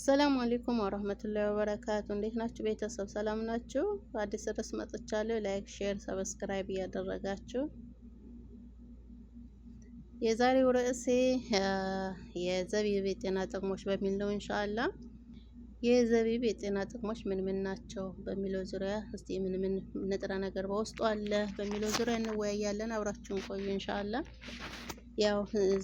ሰላም አለይኩም ወራህመቱላሂ ወበረካቱ። እንዴት ናችሁ ቤተሰብ? ሰላም ናችሁ? አዲስ ርዕስ መጥቻለሁ። ላይክ፣ ሼር፣ ሰብስክራይብ እያደረጋችሁ የዛሬው ርዕሴ የዘቢብ የጤና ጥቅሞች በሚል ነው። እንሻላ የዘቢብ የጤና ጥቅሞች ምን ምን ናቸው በሚለው ዙሪያ እስቲ ምን ምን ንጥረ ነገር በውስጡ አለ በሚለው ዙሪያ እንወያያለን። አብራችሁን ቆዩ እንሻላ ያው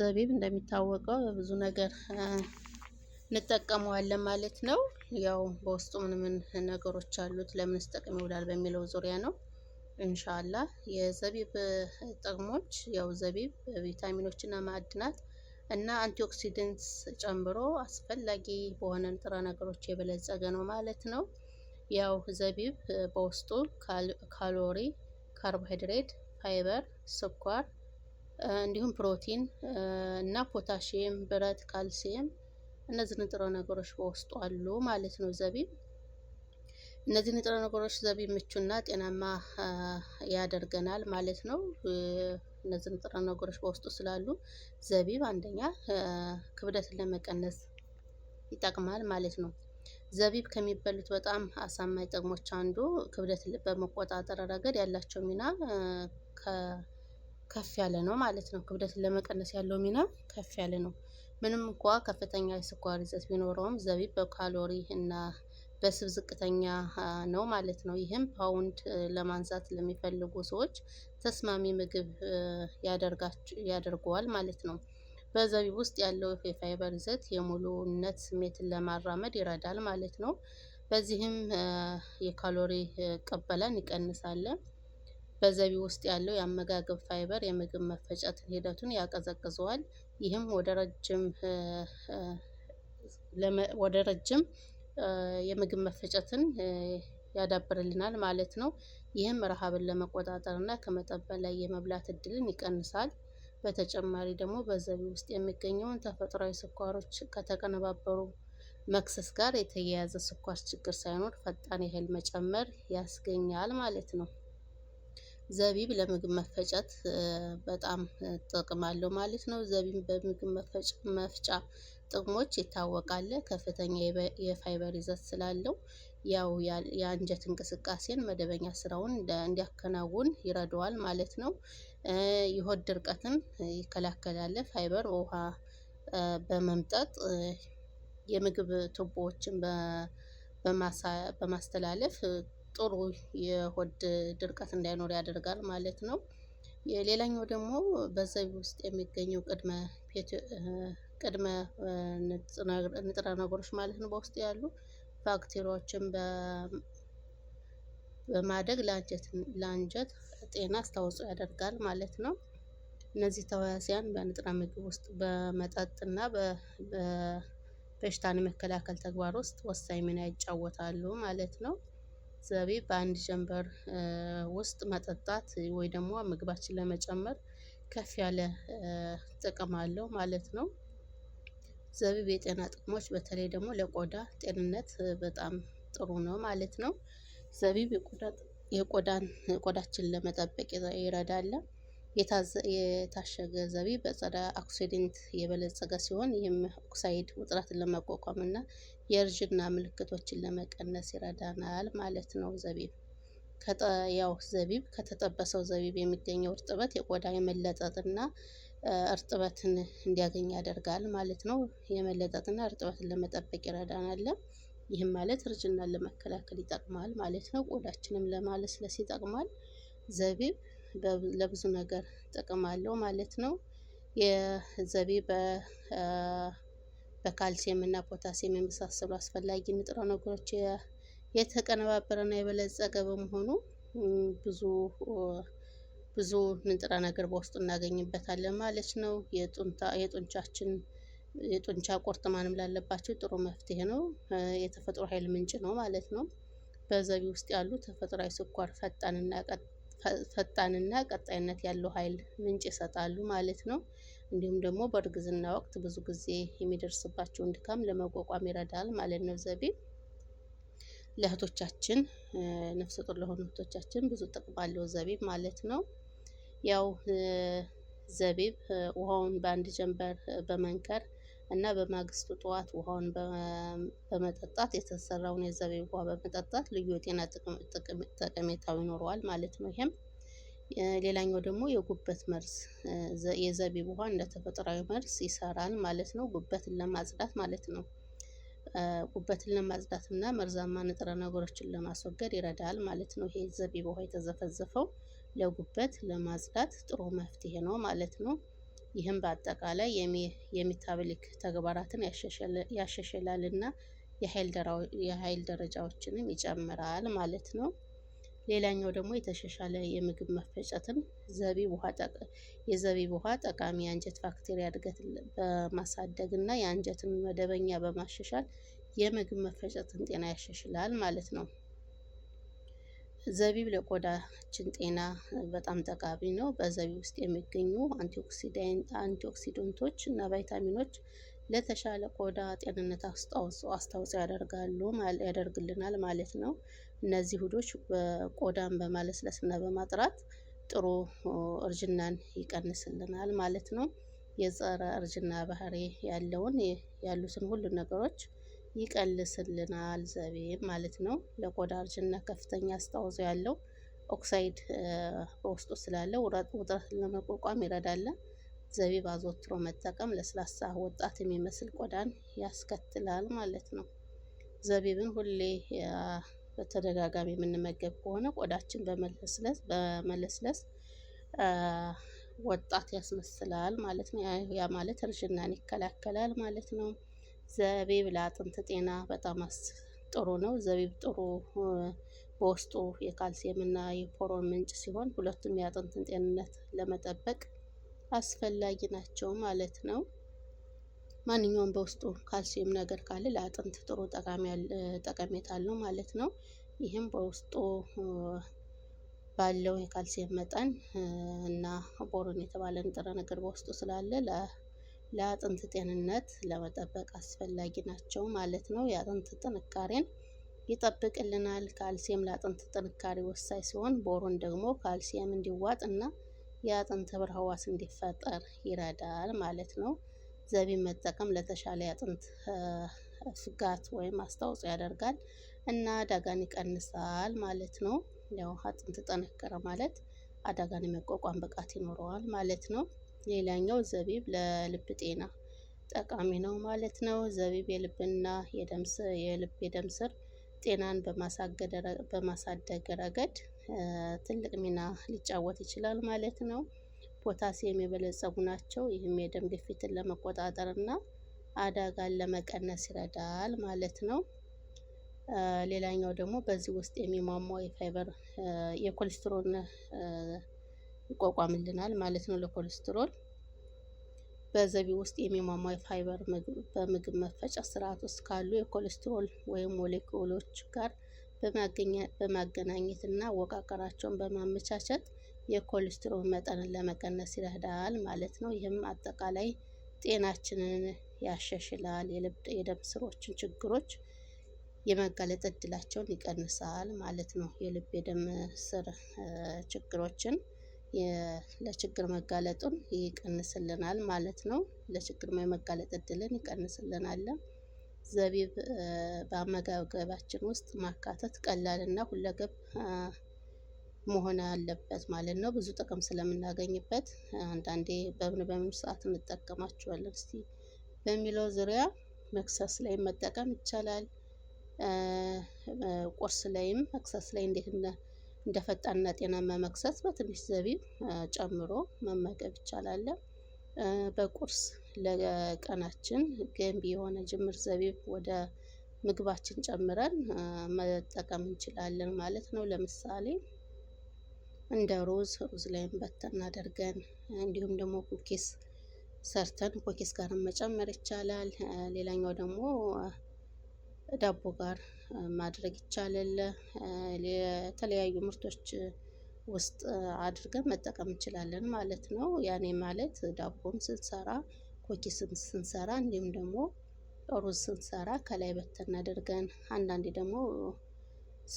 ዘቢብ እንደሚታወቀው ብዙ ነገር እንጠቀመዋለን ማለት ነው። ያው በውስጡ ምን ምን ነገሮች አሉት ለምንስ ጥቅም ይውላል በሚለው ዙሪያ ነው። እንሻላ የዘቢብ ጥቅሞች ያው ዘቢብ ቪታሚኖች እና ማዕድናት እና አንቲኦክሲደንትስ ጨምሮ አስፈላጊ በሆነ ንጥረ ነገሮች የበለጸገ ነው ማለት ነው። ያው ዘቢብ በውስጡ ካሎሪ፣ ካርቦሃይድሬት፣ ፋይበር፣ ስኳር እንዲሁም ፕሮቲን እና ፖታሽየም፣ ብረት፣ ካልሲየም እነዚህ ንጥረ ነገሮች በውስጡ አሉ ማለት ነው። ዘቢብ እነዚህ ንጥረ ነገሮች ዘቢብ ምቹና ጤናማ ያደርገናል ማለት ነው። እነዚህ ንጥረ ነገሮች በውስጡ ስላሉ ዘቢብ አንደኛ ክብደትን ለመቀነስ ይጠቅማል ማለት ነው። ዘቢብ ከሚበሉት በጣም አሳማኝ ጥቅሞች አንዱ ክብደት በመቆጣጠር ረገድ ያላቸው ሚና ከፍ ያለ ነው ማለት ነው። ክብደትን ለመቀነስ ያለው ሚና ከፍ ያለ ነው። ምንም እንኳ ከፍተኛ የስኳር ይዘት ቢኖረውም ዘቢብ በካሎሪ እና በስብ ዝቅተኛ ነው ማለት ነው። ይህም ፓውንድ ለማንሳት ለሚፈልጉ ሰዎች ተስማሚ ምግብ ያደርገዋል ማለት ነው። በዘቢብ ውስጥ ያለው የፋይበር ይዘት የሙሉነት ስሜትን ለማራመድ ይረዳል ማለት ነው። በዚህም የካሎሪ ቅበላን ይቀንሳል። በዘቢብ ውስጥ ያለው የአመጋገብ ፋይበር የምግብ መፈጨትን ሂደቱን ያቀዘቅዘዋል። ይህም ወደ ረጅም የምግብ መፈጨትን ያዳብርልናል ማለት ነው። ይህም ረሃብን ለመቆጣጠር እና ከመጠን በላይ የመብላት እድልን ይቀንሳል። በተጨማሪ ደግሞ በዘቢብ ውስጥ የሚገኘውን ተፈጥሯዊ ስኳሮች ከተቀነባበሩ መክሰስ ጋር የተያያዘ ስኳር ችግር ሳይኖር ፈጣን ያህል መጨመር ያስገኛል ማለት ነው። ዘቢብ ለምግብ መፈጨት በጣም ጥቅም አለው ማለት ነው። ዘቢብ በምግብ መፍጫ ጥቅሞች ይታወቃል። ከፍተኛ የፋይበር ይዘት ስላለው ያው የአንጀት እንቅስቃሴን መደበኛ ስራውን እንዲያከናውን ይረዳዋል ማለት ነው። የሆድ ድርቀትን ይከላከላል። ፋይበር ውሃ በመምጠጥ የምግብ ቱቦዎችን በማስተላለፍ ጥሩ የሆድ ድርቀት እንዳይኖር ያደርጋል ማለት ነው። ሌላኛው ደግሞ በዘቢብ ውስጥ የሚገኘው ቅድመ ቅድመ ንጥረ ነገሮች ማለት ነው በውስጥ ያሉ ባክቴሪያዎችን በማደግ ለአንጀት ጤና አስተዋጽኦ ያደርጋል ማለት ነው። እነዚህ ተዋሲያን በንጥረ ምግብ ውስጥ በመጠጥና በበሽታን የመከላከል ተግባር ውስጥ ወሳኝ ሚና ይጫወታሉ ማለት ነው። ዘቤ በአንድ ጀንበር ውስጥ መጠጣት ወይ ደግሞ ምግባችን ለመጨመር ከፍ ያለ ጥቅም አለው ማለት ነው። ዘቢብ የጤና ጥቅሞች በተለይ ደግሞ ለቆዳ ጤንነት በጣም ጥሩ ነው ማለት ነው። ዘቢብ የቆዳን ለመጠበቅ ይረዳል። የታሸገ ዘቢብ በጸረ ኦክሲደንት የበለጸገ ሲሆን ይህም ኦክሳይድ ውጥረትን ለመቋቋም እና የእርጅና ምልክቶችን ለመቀነስ ይረዳናል ማለት ነው። ዘቢብ ያው ዘቢብ ከተጠበሰው ዘቢብ የሚገኘው እርጥበት የቆዳ የመለጠጥና እርጥበትን እንዲያገኝ ያደርጋል ማለት ነው። የመለጠጥና እርጥበትን ለመጠበቅ ይረዳናል። ይህም ማለት እርጅናን ለመከላከል ይጠቅማል ማለት ነው። ቆዳችንም ለማለስለስ ይጠቅማል ዘቢብ ለብዙ ነገር ጥቅም አለው ማለት ነው። የዘቤ በካልሲየም እና ፖታሲየም የመሳሰሉ አስፈላጊ ንጥረ ነገሮች የተቀነባበረና የበለጸገ በመሆኑ ብዙ ብዙ ንጥረ ነገር በውስጡ እናገኝበታለን ማለት ነው። የጡንቻችን የጡንቻ ቁርጥማንም ላለባቸው ጥሩ መፍትሄ ነው። የተፈጥሮ ኃይል ምንጭ ነው ማለት ነው። በዘቢ ውስጥ ያሉ ተፈጥሯዊ ስኳር ፈጣንና ፈጣንና ቀጣይነት ያለው ኃይል ምንጭ ይሰጣሉ ማለት ነው። እንዲሁም ደግሞ በእርግዝና ወቅት ብዙ ጊዜ የሚደርስባቸውን ድካም ለመቋቋም ይረዳል ማለት ነው። ዘቢብ ለእህቶቻችን ነፍሰ ጡር ለሆኑ እህቶቻችን ብዙ ጥቅም አለው ዘቢብ ማለት ነው። ያው ዘቢብ ውሃውን በአንድ ጀንበር በመንከር እና በማግስቱ ጠዋት ውሃውን በመጠጣት የተሰራውን የዘቢብ ውሃ በመጠጣት ልዩ የጤና ጠቀሜታው ይኖረዋል ማለት ነው። ይሄም ሌላኛው ደግሞ የጉበት መርዝ የዘቢብ ውሃ እንደ ተፈጥሯዊ መርዝ ይሰራል ማለት ነው። ጉበትን ለማጽዳት ማለት ነው። ጉበትን ለማጽዳት እና መርዛማ ንጥረ ነገሮችን ለማስወገድ ይረዳል ማለት ነው። ይሄ ዘቢብ ውሃ የተዘፈዘፈው ለጉበት ለማጽዳት ጥሩ መፍትሄ ነው ማለት ነው። ይህም በአጠቃላይ የሜታቦሊክ ተግባራትን ያሻሽላል እና የኃይል ደረጃዎችንም ይጨምራል ማለት ነው። ሌላኛው ደግሞ የተሻሻለ የምግብ መፈጨትን የዘቢብ ውሃ ጠቃሚ የአንጀት ባክቴሪያ እድገት በማሳደግ እና የአንጀትን መደበኛ በማሻሻል የምግብ መፈጨትን ጤና ያሻሽላል ማለት ነው። ዘቢብ ለቆዳችን ጤና በጣም ጠቃሚ ነው። በዘቢብ ውስጥ የሚገኙ አንቲኦክሲደንቶች እና ቫይታሚኖች ለተሻለ ቆዳ ጤንነት አስተዋጽኦ ያደርጋሉ ያደርግልናል ማለት ነው። እነዚህ ውህዶች ቆዳን በማለስለስ እና በማጥራት ጥሩ እርጅናን ይቀንስልናል ማለት ነው። የጸረ እርጅና ባህሪ ያለውን ያሉትን ሁሉ ነገሮች ይቀልስልናል ዘቤብ ማለት ነው። ለቆዳ እርጅና ከፍተኛ አስተዋጽኦ ያለው ኦክሳይድ በውስጡ ስላለው ውጥረት ለመቋቋም ይረዳል። ዘቢብ አዘወትሮ መጠቀም ለስላሳ ወጣት የሚመስል ቆዳን ያስከትላል ማለት ነው። ዘቢብን ሁሌ በተደጋጋሚ የምንመገብ ከሆነ ቆዳችን በመለስለስ ወጣት ያስመስላል ማለት ነው። ያ ማለት እርጅናን ይከላከላል ማለት ነው። ዘቢብ ለአጥንት ጤና በጣም ጥሩ ነው። ዘቢብ ጥሩ በውስጡ የካልሲየም እና የፖሮን ምንጭ ሲሆን ሁለቱም የአጥንትን ጤንነት ለመጠበቅ አስፈላጊ ናቸው ማለት ነው። ማንኛውም በውስጡ ካልሲየም ነገር ካለ ለአጥንት ጥሩ ጠቀሜታ አለው ማለት ነው። ይህም በውስጡ ባለው የካልሲየም መጠን እና ቦሮን የተባለ ንጥረ ነገር በውስጡ ስላለ ለአጥንት ጤንነት ለመጠበቅ አስፈላጊ ናቸው ማለት ነው። የአጥንት ጥንካሬን ይጠብቅልናል። ካልሲየም ለአጥንት ጥንካሬ ወሳኝ ሲሆን፣ ቦሮን ደግሞ ካልሲየም እንዲዋጥ እና የአጥንት ህብረ ህዋስ እንዲፈጠር ይረዳል ማለት ነው። ዘቢብ መጠቀም ለተሻለ የአጥንት ፍጋት ወይም አስተዋጽኦ ያደርጋል እና አደጋን ይቀንሳል ማለት ነው። ያው አጥንት ጠነከረ ማለት አደጋን የመቋቋም ብቃት ይኖረዋል ማለት ነው። ሌላኛው ዘቢብ ለልብ ጤና ጠቃሚ ነው ማለት ነው። ዘቢብ የልብና የልብ የደም ስር ጤናን በማሳደግ ረገድ ትልቅ ሚና ሊጫወት ይችላል ማለት ነው። ፖታሲየም የበለጸጉ ናቸው። ይህም የደም ግፊትን ለመቆጣጠር እና አደጋን ለመቀነስ ይረዳል ማለት ነው። ሌላኛው ደግሞ በዚህ ውስጥ የሚሟሟው የፋይበር የኮሌስትሮል ይቋቋምልናል ማለት ነው ለኮሌስትሮል። በዘቢ ውስጥ የሚሟሟ የፋይበር በምግብ መፈጫ ስርዓት ውስጥ ካሉ የኮሌስትሮል ወይም ሞሌኪውሎች ጋር በማገናኘት እና አወቃቀራቸውን በማመቻቸት የኮሌስትሮል መጠንን ለመቀነስ ይረዳል ማለት ነው። ይህም አጠቃላይ ጤናችንን ያሻሽላል፣ የደም ስሮችን ችግሮች የመጋለጥ እድላቸውን ይቀንሳል ማለት ነው። የልብ የደም ስር ችግሮችን ለችግር መጋለጡን ይቀንስልናል ማለት ነው። ለችግር የመጋለጥ እድልን ይቀንስልናል። ዘቢብ በአመጋገባችን ውስጥ ማካተት ቀላልና ሁለገብ መሆን አለበት ማለት ነው። ብዙ ጥቅም ስለምናገኝበት አንዳንዴ በምን በምን ሰዓት እንጠቀማቸዋለን እስቲ በሚለው ዙሪያ መክሰስ ላይ መጠቀም ይቻላል። ቁርስ ላይም መክሰስ ላይ እንዴት እንደ ፈጣንና ጤናማ መክሰስ በትንሽ ዘቢብ ጨምሮ መመገብ ይቻላል። በቁርስ ለቀናችን ገንቢ የሆነ ጅምር ዘቢብ ወደ ምግባችን ጨምረን መጠቀም እንችላለን ማለት ነው። ለምሳሌ እንደ ሩዝ ሩዝ ላይም በተን አድርገን እንዲሁም ደግሞ ኩኪስ ሰርተን ኩኪስ ጋር መጨመር ይቻላል። ሌላኛው ደግሞ ዳቦ ጋር ማድረግ ይቻላል። የተለያዩ ምርቶች ውስጥ አድርገን መጠቀም እንችላለን ማለት ነው። ያኔ ማለት ዳቦም ስንሰራ፣ ኩኪስም ስንሰራ፣ እንዲሁም ደግሞ ሩዝ ስንሰራ ከላይ በተን አድርገን አንዳንዴ ደግሞ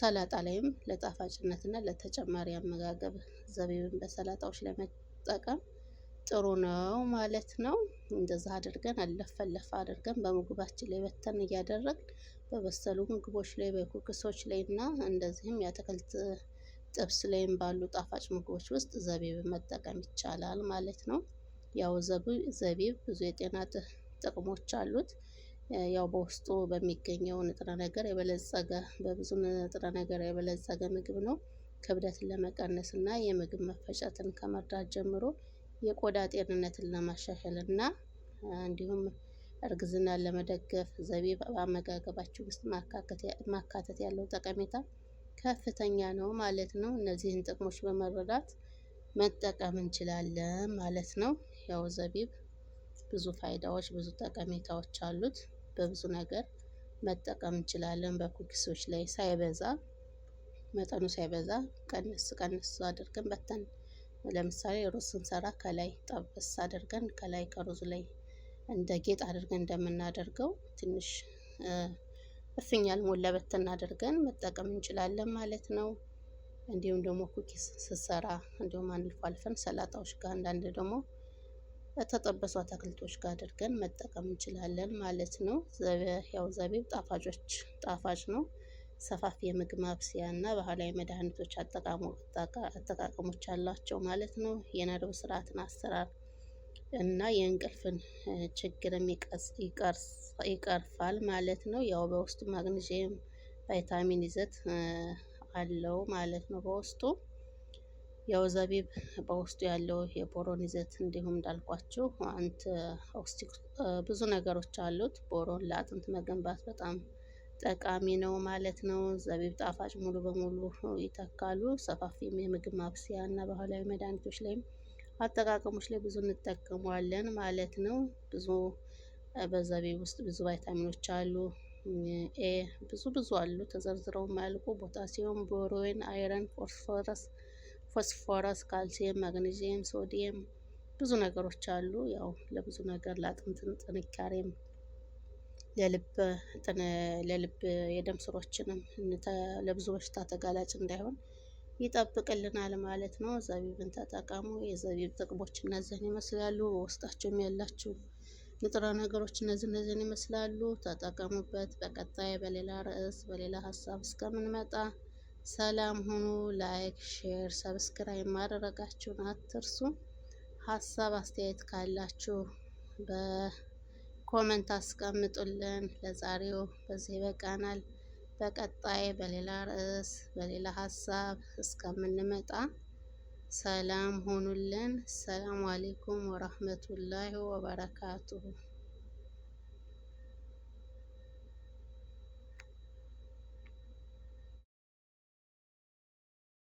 ሰላጣ ላይም ለጣፋጭነትና ለተጨማሪ አመጋገብ ዘቢብን በሰላጣዎች ለመጠቀም ጥሩ ነው ማለት ነው። እንደዛ አድርገን አለፈለፈ አድርገን በምግባችን ላይ በተን እያደረግን በበሰሉ ምግቦች ላይ በኩክሶች ላይ እና እንደዚህም የአትክልት ጥብስ ላይም ባሉ ጣፋጭ ምግቦች ውስጥ ዘቢብ መጠቀም ይቻላል ማለት ነው። ያው ዘቢብ ብዙ የጤና ጥቅሞች አሉት። ያው በውስጡ በሚገኘው ንጥረ ነገር የበለጸገ በብዙ ንጥረ ነገር የበለጸገ ምግብ ነው። ክብደትን ለመቀነስ እና የምግብ መፈጨትን ከመርዳት ጀምሮ የቆዳ ጤንነትን ለማሻሻል እና እንዲሁም እርግዝናን ለመደገፍ ዘቢብ በአመጋገባችሁ ውስጥ ማካተት ያለው ጠቀሜታ ከፍተኛ ነው ማለት ነው። እነዚህን ጥቅሞች በመረዳት መጠቀም እንችላለን ማለት ነው። ያው ዘቢብ ብዙ ፋይዳዎች፣ ብዙ ጠቀሜታዎች አሉት። በብዙ ነገር መጠቀም እንችላለን። በኩኪሶች ላይ ሳይበዛ መጠኑ ሳይበዛ ቀንስ ቀንስ አድርገን በተን። ለምሳሌ ሩዝ ስንሰራ ከላይ ጠበስ አድርገን ከላይ ከሩዙ ላይ እንደ ጌጥ አድርገን እንደምናደርገው ትንሽ እፍኝ ያልሞላ አድርገን መጠቀም እንችላለን ማለት ነው። እንዲሁም ደግሞ ኩኪስ ስሰራ እንዲሁም አንልፎ አልፈን ሰላጣዎች ጋር አንዳንድ ደግሞ ተጠበሱ አትክልቶች ጋር አድርገን መጠቀም እንችላለን ማለት ነው። ያው ዘቢብ ጣፋጮች ጣፋጭ ነው። ሰፋፊ የምግብ ማብሰያ እና ባህላዊ መድኃኒቶች አጠቃቀሞች አላቸው ማለት ነው። የነርቭ ስርዓትን አሰራር እና የእንቅልፍን ችግርም ይቀርፋል ማለት ነው። ያው በውስጡ ማግኒዥየም ቫይታሚን ይዘት አለው ማለት ነው። በውስጡ ያው ዘቢብ በውስጡ ያለው የቦሮን ይዘት እንዲሁም እንዳልኳችሁ አንት ብዙ ነገሮች አሉት። ቦሮን ለአጥንት መገንባት በጣም ጠቃሚ ነው ማለት ነው። ዘቢብ ጣፋጭ ሙሉ በሙሉ ይተካሉ። ሰፋፊ የምግብ ማብሰያ እና ባህላዊ መድኃኒቶች ላይም አጠቃቀሞች ላይ ብዙ እንጠቀመዋለን ማለት ነው። ብዙ በዘቢብ ውስጥ ብዙ ቫይታሚኖች አሉ። ኤ ብዙ ብዙ አሉ ተዘርዝረው ማያልቁ ፖታሲየም፣ ቦሮዌን፣ አይረን፣ ፎስፎረስ ፎስፎረስ፣ ካልሲየም፣ ማግኔዚየም፣ ሶዲየም ብዙ ነገሮች አሉ። ያው ለብዙ ነገር ለአጥንት ጥንካሬም ለልብ ለልብ የደም ስሮችንም ለብዙ በሽታ ተጋላጭ እንዳይሆን ይጠብቅልናል ማለት ነው። ዘቢብን ተጠቀሙ። የዘቢብ ጥቅሞች እነዚህን ይመስላሉ። በውስጣቸውም ያላቸው ንጥረ ነገሮች እነዚህ እነዚህን ይመስላሉ። ተጠቀሙበት። በቀጣይ በሌላ ርዕስ በሌላ ሀሳብ እስከምንመጣ ሰላም ሁኑ። ላይክ፣ ሼር፣ ሰብስክራይብ ማድረጋችሁን አትርሱ። ሀሳብ አስተያየት ካላችሁ በኮመንት አስቀምጡልን። ለዛሬው በዚህ ይበቃናል። በቀጣይ በሌላ ርዕስ በሌላ ሀሳብ እስከምንመጣ ሰላም ሁኑልን። ሰላም አሌይኩም ወራህመቱላሂ ወበረካቱሁ።